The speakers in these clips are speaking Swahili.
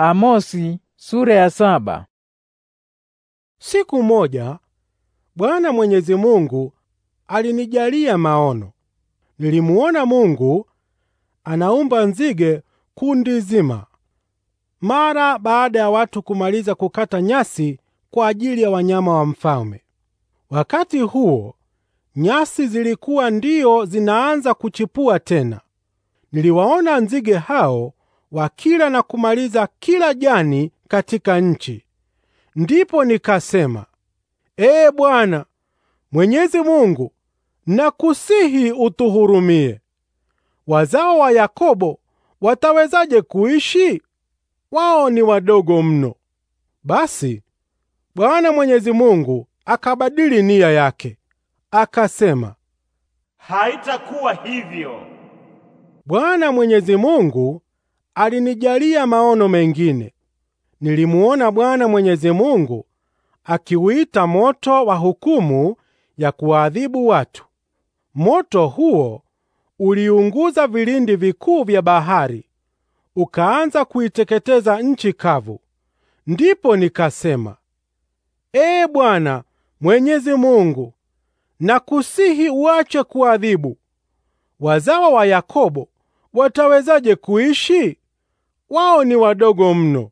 Amosi sura ya saba. Siku moja Bwana Mwenyezi Mungu alinijalia maono. Nilimuona Mungu anaumba nzige kundi zima, mara baada ya watu kumaliza kukata nyasi kwa ajili ya wanyama wa mfalme. Wakati huo nyasi zilikuwa ndiyo zinaanza kuchipua tena. Niliwaona nzige hao wakila na kumaliza kila jani katika nchi. Ndipo nikasema, Ee Bwana Mwenyezi Mungu, nakusihi utuhurumie. Wazao wa Yakobo watawezaje kuishi? Wao ni wadogo mno. Basi Bwana Mwenyezi Mungu akabadili nia yake, akasema, haitakuwa hivyo. Bwana Mwenyezi Mungu alinijalia maono mengine. Nilimuona Bwana Mwenyezi Mungu akiuita moto wa hukumu ya kuadhibu watu. Moto huo uliunguza vilindi vikuu vya bahari, ukaanza kuiteketeza nchi kavu. Ndipo nikasema, Ee Bwana Mwenyezi Mungu, nakusihi uache kuadhibu. Wazawa wa Yakobo watawezaje kuishi? wao ni wadogo mno.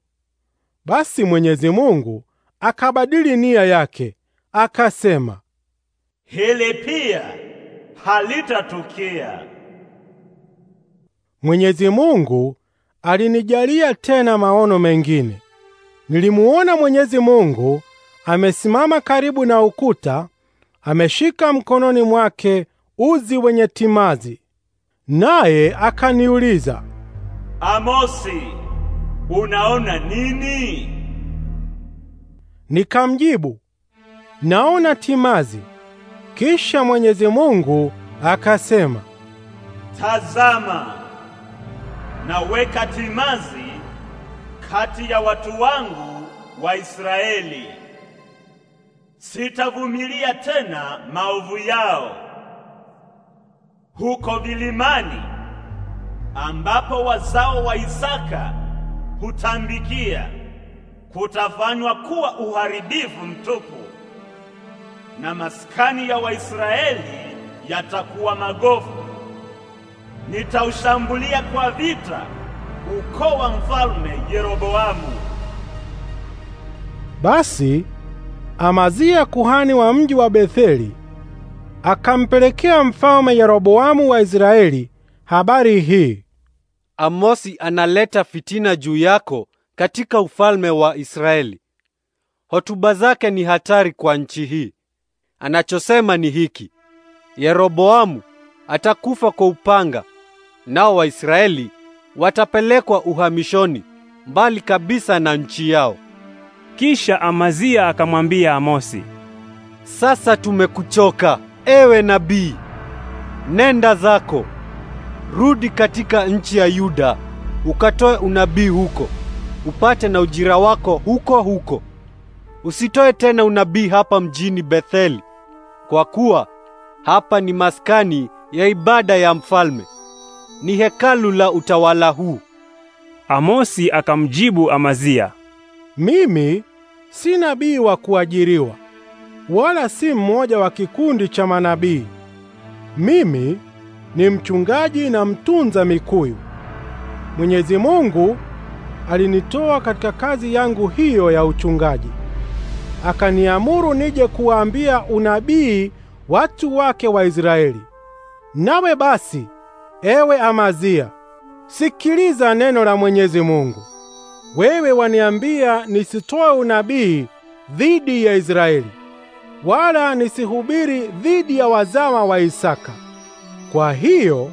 Basi Mwenyezi Mungu akabadili nia yake, akasema, hili pia halitatukia. Mwenyezi Mungu alinijalia tena maono mengine. Nilimuona Mwenyezi Mungu amesimama karibu na ukuta, ameshika mkononi mwake uzi wenye timazi, naye akaniuliza Amosi, unaona nini? Nikamjibu, naona timazi. Kisha Mwenyezi Mungu akasema, tazama, naweka timazi kati ya watu wangu wa Israeli. Sitavumilia tena maovu yao. Huko vilimani ambapo wazao wa Isaka hutambikia kutafanywa kuwa uharibifu mtupu, na maskani ya Waisraeli yatakuwa magofu. Nitaushambulia kwa vita ukoo wa mfalme Yeroboamu. Basi Amazia kuhani wa mji wa Betheli akampelekea mfalme Yeroboamu wa Israeli habari hii. Amosi analeta fitina juu yako katika ufalme wa Israeli. Hotuba zake ni hatari kwa nchi hii. Anachosema ni hiki: Yeroboamu atakufa kwa upanga, nao Waisraeli watapelekwa uhamishoni mbali kabisa na nchi yao. Kisha Amazia akamwambia Amosi, sasa tumekuchoka, ewe nabii, nenda zako rudi katika nchi ya Yuda ukatoe unabii huko, upate na ujira wako huko huko. Usitoe tena unabii hapa mjini Betheli, kwa kuwa hapa ni maskani ya ibada ya mfalme, ni hekalu la utawala huu. Amosi akamjibu Amazia, mimi si nabii wa kuajiriwa, wala si mmoja wa kikundi cha manabii. Mimi ni mchungaji na mtunza mikuyu. Mwenyezi Mungu alinitoa katika kazi yangu hiyo ya uchungaji, akaniamuru nije kuwaambia unabii watu wake wa Israeli. Nawe basi, ewe Amazia, sikiliza neno la Mwenyezi Mungu. Wewe waniambia nisitoe unabii dhidi ya Israeli, wala nisihubiri dhidi ya wazawa wa Isaka. Kwa hiyo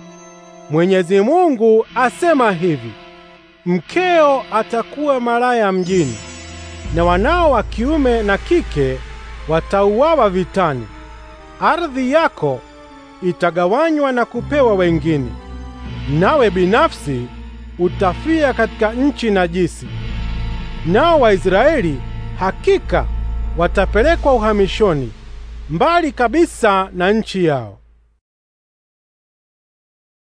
Mwenyezi Mungu asema hivi: mkeo atakuwa malaya mjini na wanao wa kiume na kike watauawa vitani. Ardhi yako itagawanywa na kupewa wengine, nawe binafsi utafia katika nchi najisi. Nao Waisraeli hakika watapelekwa uhamishoni mbali kabisa na nchi yao.